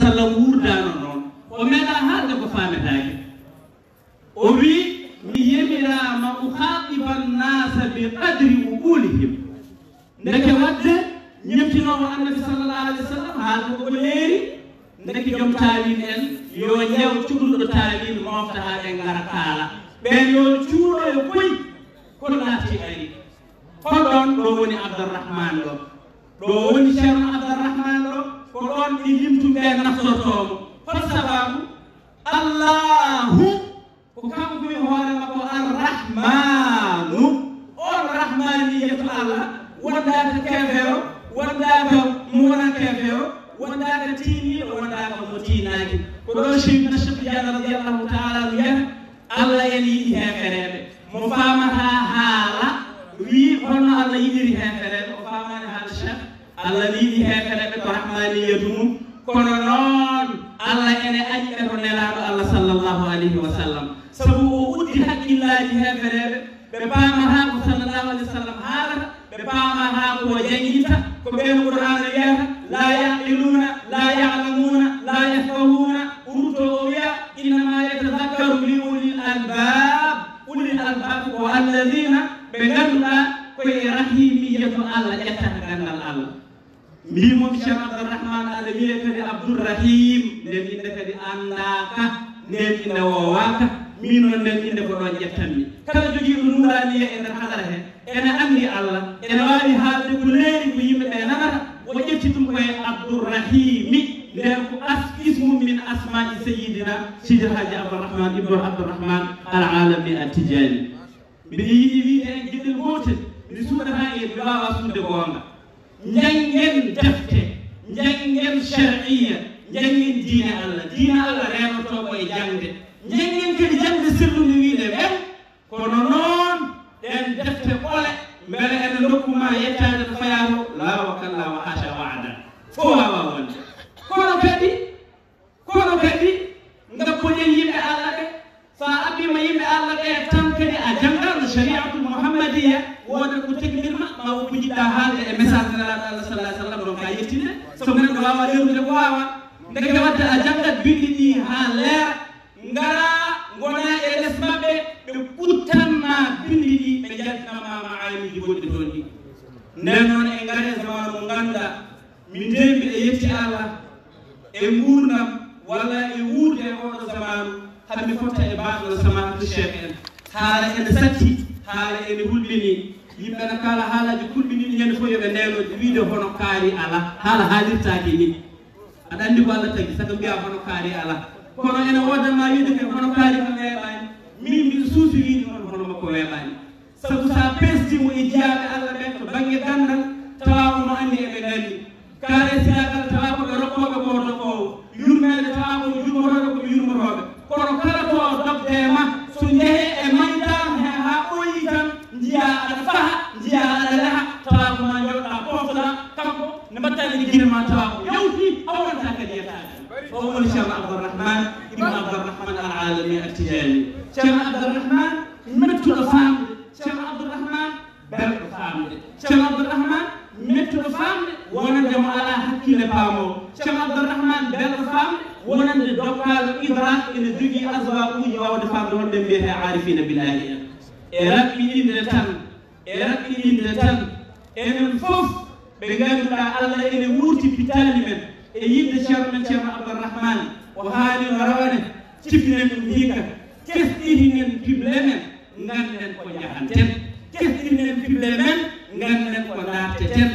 tala wurdano noon o meeɗa haalde ko faametake o wi mi yemirama uhaaqiban nasa bi qadri o ɓuulihim deke wadde ñemtinowo annabi sallallah alih wa sallam haalde koko leeri deke joom taawin en yo ñew cuɓuɗo taawin mofta ha en gara kaala ɓen yo cuuɗo e koyi ko laati ari ko ɗon ɗo woni abdourahmane ɗo ɗo woni ceerno abdourahmane ko ɗon ɗi yimtuɓe naftortomo hol sababu allahu ko kankoni hoore makko arrahmanu on rahmaniyatu allah wondaka kefeo wondaka monakefeo wondaka tiniɗo wondaka mo tinaki ko ɗon chimna chibiana radiallahu taala n wiyata allah en yiɗi hefereɓe mo famata haala wi holno allah yiɗiri hefereɓe o famani haala chekh allah no yiɗi hefereɓe rahmaniyatu mum kono noon allah ene añɗa to e nelaɗo allah sallllahu alayhi wa sallam sabu o uddi haqqillaji hefereɓe ɓe paama ha ko sallllahu alih wa sallam haalata ɓe paama ha ko jangita ko ɓen qur'ana wiyata la yaqiluna la yaalamuna la yafkahuna urto o wiya innama yatadakkaru li ulil albab ulil albab ko allahina ɓe ganduɗa koye rahimiyato allah ƴettata gandal allah mbimomi ceeno abdourahman ala wiye kadi abdourrahim nden inde kadi annaka nden inde wowaka min noon nden inde ko ɗon ƴettanmi kala jogiiɓe nuraniya e nder hadara he ene andi allah ene wawi haalde ko leeri ko yimɓeɓe nanata o ƴetti ɗum koye abdourrahimi nden ko as ismum min asmai seyidina sidi haji abdourahman ibnu abdourahman al alami a tidiani mbiɗe yiɗi wiide en giɗel gotel mi e suuɗata e mi wawa suude goonga نعم دفتة نعم شرعية نعم دين الله دين الله رأينا توبة يجند نعم كذي جند سلوم نويلة بيم كونون دم دفتة ولا بل أن لكم ما يتعد الخيار لا وكان لا وحاشا وعدا فهو ما وانت كونو كذي كونو كذي نقول يجيب الله فأبي ما يجيب الله كي تمكن أجمع الشريعة المحمدية وأنا كنت كبير ما هو بيجي wawa lewnude ko wawa deke wadde a jangat bindi ɗi ha leer ngara gona e les mabɓe ɓe ɓuttanma bindi ɗi ɓe jaltinama ma aliji gonɗi toon ɗi nden noon e gare zaman mo ganduɗa mi ndembi ɗe yetti allah e gurdam walla e wurde e oɗo zamanu hami fotta e baɗo zaman e hicheh en haala ene satti haala ene hulɓini yimɓe no kala haalaji kulɓinini hen fof yoɓe ndeloji wiide hono kaari ala haala haalirtaki ni aɗa andi ko allah tagi saka mbiya hono kaari ala kono ene wodanma wiide ke hono kaari ko weeɓani min mbi suusi wiide on hono makko weeɓani sabu sa pestimo e jiyaɓe allah ɓen to bangue gandal tawa ono andi eɓe gandi kaare sinagal tawa koɓe rokkoɓe gorno ko yurmede tawa ko yurmotoɓe koɓe yurmotoɓe kono kala to dobdema so jeehe ونعم على حكي لبامو شيخ عبد الرحمن بن فام ونعم دوكال ادراك ان دوجي ازوا اوجي واو دفام دون دم بيها عارفين بالله ارك يدين دتان ارك يدين دتان ان فوف بغير ان الله ان ورتي بيتال من ييد شيخ من شيخ عبد الرحمن وهاني وروان تشبن من هيك كيف تيهن بيبلمن نان نان كو يحانتن كيف تيهن بيبلمن نان نان كو ناتتن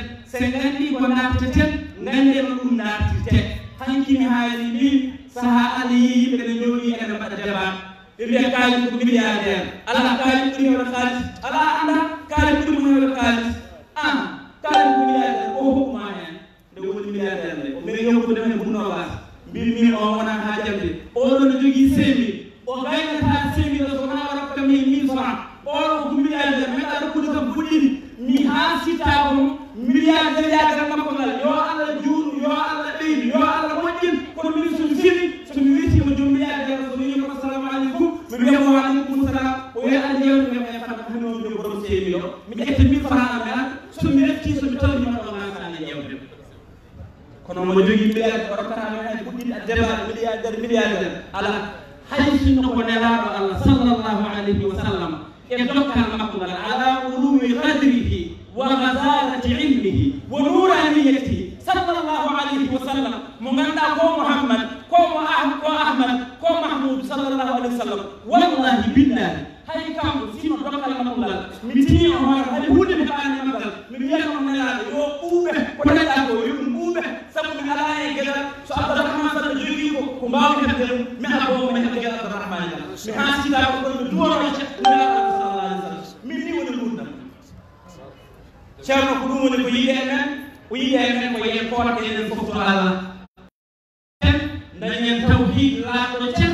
nafteten ganden no ɗum naftirte hanki mi haali min saha allah yi yimɓe ne ñoowi ene mbaɗa débat ɓe mbiya kaali ko mbiya nden ala kaali ko ɗum waɗa haalis ala anda ala hay sinno ko nelaɗo allah sallllahu alayhi wa sallam e dokkal makko ngal ala ulumi qadrihi wa gasarati ilmihi wa nuraniyatihi sallllahu alayhi wa sallam mo ganduɗa ko mouhammad ko mo ko ahmad ko mahmoudou sallllahu alayhi wa sallam wallahi billahi hay kanko sino dokkal makko ngal mi tini o hoore hay en kowata enen fof to ala ten dañen tawhid laaɗo cet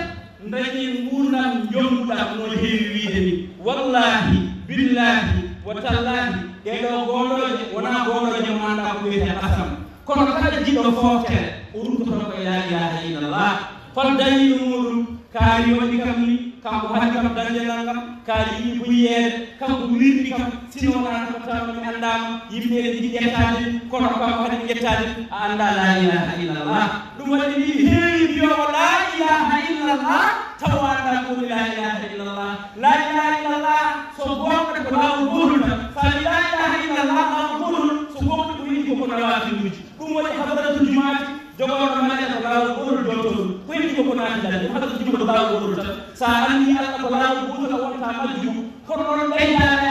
dañen guurdam jomduɗam no heewi wiide ni wallahi billahi wa tallahi ɗeɗo gooloje wona gooloje manɗa ko wiyete asam kono kala jiɗɗo foftere o rutotono ko la ilaha illallah kono dañino muɗum kaari waɗi kam ni kanko hadi kam dañdenal ngam kaari yiɗi buyeede kanko wirɗi kam sinowonaɗum tawmi anndama yimɓeɓe jiɗi ƴettade kono kam kadi ƴettade a annda la ilaha illallah ɗum waɗi ni heewi mbiyomo la ilaha illallah taw annda komi la ilaha illallah la ilaha illallah so gomɗa ko lawol gotol tan sawi la ilaha illallah lawol gotol so gomɗa ko yiɗi kokono rawatinuji ɗum waɗi hadratuji maji jogoɗo maɗe ko lawol gotol jontoɗum ko yiɗi koko natidade hadratuji ko lawol gotol tan sa anni allah ko lawol gotol a wonta majjum kono noon ɓeydaɗa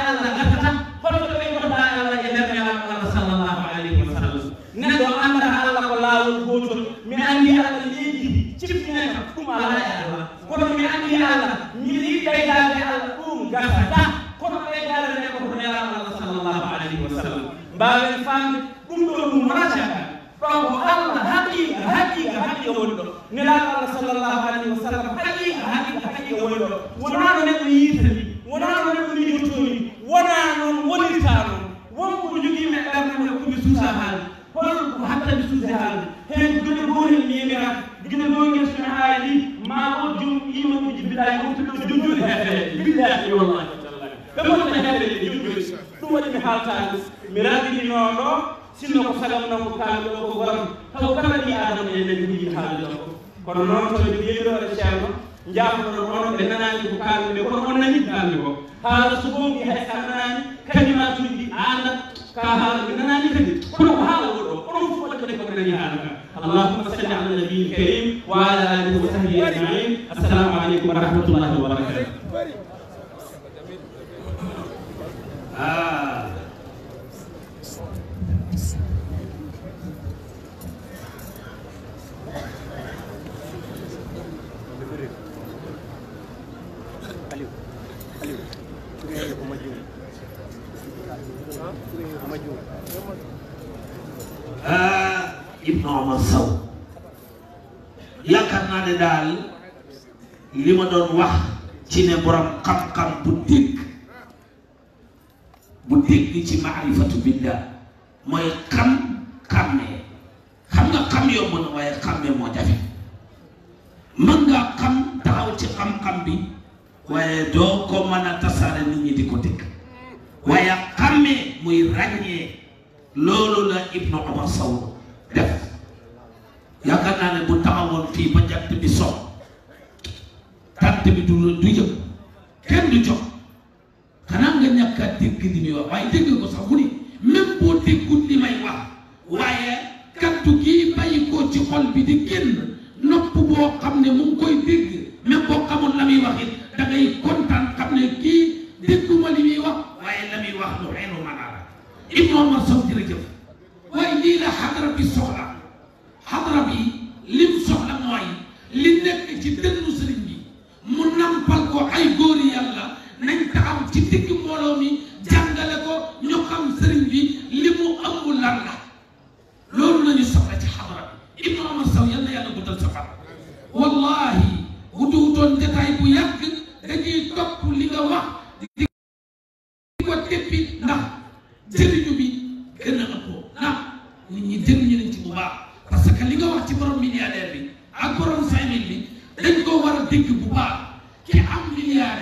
laawol gootol mi anndi allah leydi cifnina kam ɗum alaa e alla kono mi anndi allah miɗi ɓeydaade allah ɗum gasata kono ɓeydaade nde koko nelaama allah sallallahu alayhi wa sallam mbaawen faamde ɗum ɗo ɗum wonataka ɗon ko allah haqiiqa haqiiqa haqiiqa woni ɗo nelaama allah sallallahu alayhi wa sallam haqiiqa haqiiqa haqiiqa woni ɗo wonaano neɗɗo yiitani wonaano haalde hen guila goo hen mi yimira guila goo ngel sona haali ma o jom yima uji bilayi wontuɗo jojjoli heeɗe billahi wallahi ɓe gonɗo heeɗe ɗe jojjoli ɗum waɗi mi haaltani mi raɗininoon ɗo sinno ko sagam noon ko kaami ɗo ko goto taw kala ɓi adama e nden hiiɗi haalde ɗo kono noon to ɓe yeɗiro e ceerno jaafono onon ɓe nanani ko kaalmi ɓe kono on nani kaalmi ko haala so gongi hay sa nanani kañumatuji ɗi anda ka haala ɓe nanani kadi kono ko haala قمت ولم يكن لدي هذا اللهم صل على النبي الكريم وعلى اله وصحبه اجمعين السلام عليكم ورحمه الله وبركاته آه. Thank you. ah Ibnu Omar Sow yaakaar naa ne daal li ma doon wax ci ne borom xam-xam bu dégg bu dégg ci maarifatu billah mooy xam xàmmee xam nga xam yomb na waaye xàmmee moo jafe mën ngaa xam taxaw ci xam-xam bi waaye doo ko mën a tasaare nit ñi di ko dégg waaye xàmmee muy ràññee. loolu la Ibnu Omar Sow def yaakaar naa ne bu taxawoon fii ba jant bi sox tant bi du du jëm kenn du jox xanaa nga ñàkk dégg li muy wax waaye dégg ko sax mu ni même boo déggul li may wax waaye kattu gii bàyyi ci xol bi di génn nopp boo xam ne mu ngi koy informação que ci borom milliardaire bi ak borom cinq mille bi dañ ko war a dégg bu baax ki am milliard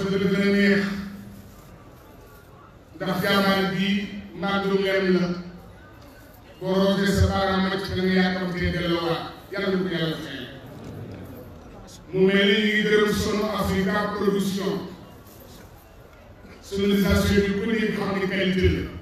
bés ba dana gën a neex ndax jaamaane bii màggalu lenn la baaraam ma ci da nga yaakaar dee delloowaat yàlla ñu ko yàlla fay mu mel ni ñu ngi gërëm sunu Africa production sonorisation bi ku nekk xam ne qualité la